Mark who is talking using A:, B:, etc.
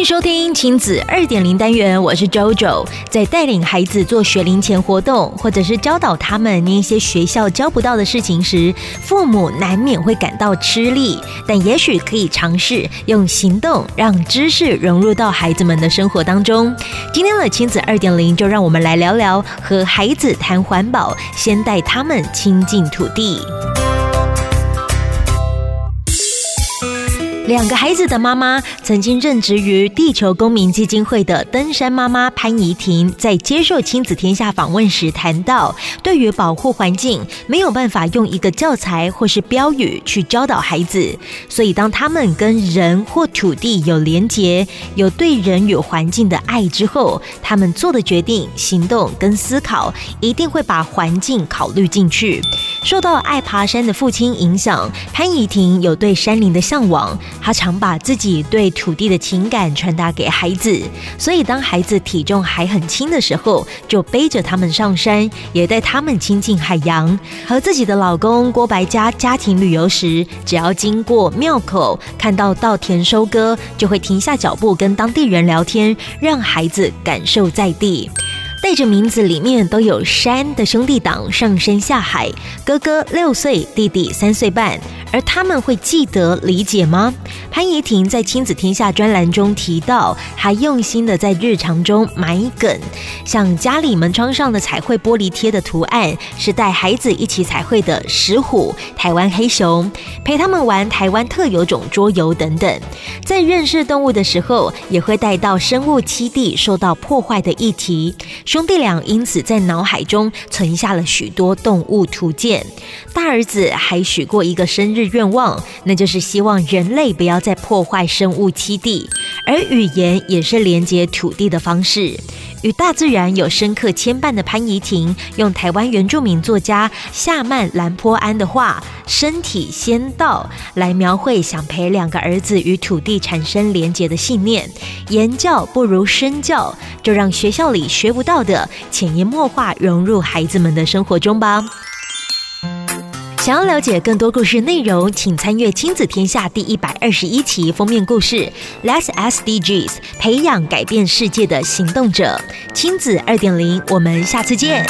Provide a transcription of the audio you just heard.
A: 歡迎收聽親子二點零單元，我是 JoJo。在帶領孩子做學齡前活動，或者是教導他們念一些學校教不到的事情時，父母難免會感到吃力，但也許可以嘗試用行動讓知識融入到孩子們的生活當中。今天的親子二點零，就讓我們來聊聊和孩子談環保，先帶他們親近土地。兩個孩子的媽媽曾經任職於地球公民基金會的登山媽媽潘怡婷，在接受親子天下訪問時談到，對於保護環境，沒有辦法用一個教材或是標語去教導孩子，所以當他們跟人或土地有連結，有對人有環境的愛之後，他們做的決定、行動跟思考，一定會把環境考慮進去。受到愛爬山的父親影響，潘怡婷有對山林的向往。他常把自己對土地的情感傳達給孩子，所以當孩子體重還很輕的時候，就背着他們上山，也帶他們親近海洋。和自己的老公郭白家家庭旅遊時，只要經過廟口，看到稻田收割，就會停下腳步跟當地人聊天，讓孩子感受在地。帶着名字裡面都有山的兄弟檔上山下海，哥哥六歲，弟弟三歲半，而他們會記得理解嗎？潘怡婷在親子天下專欄中提到，她用心的在日常中埋梗，像家裡門窗上的彩繪玻璃貼的圖案是帶孩子一起彩繪的石虎、台灣黑熊，陪他們玩台灣特有種桌遊等等，在認識動物的時候，也會帶到生物棲地受到破壞的議題。兄弟倆因此在腦海中存下了許多動物圖鑑。大兒子還許過一個生日願望，那就是希望人類不要再破壞生物棲地。而語言也是連接土地的方式，與大自然有深刻牽絆的潘怡婷，用台灣原住民作家夏曼蘭坡安的話“身體先到”來描繪想陪兩個兒子與土地產生連接的信念。言教不如身教，就讓學校裡學不到的潛移默化融入孩子們的生活中吧。想要了解更多故事內容，請參閱《親子天下》第一百二十一期封面故事《Let's SDGs：培養改變世界的行動者》。親子二點零，我們下次見。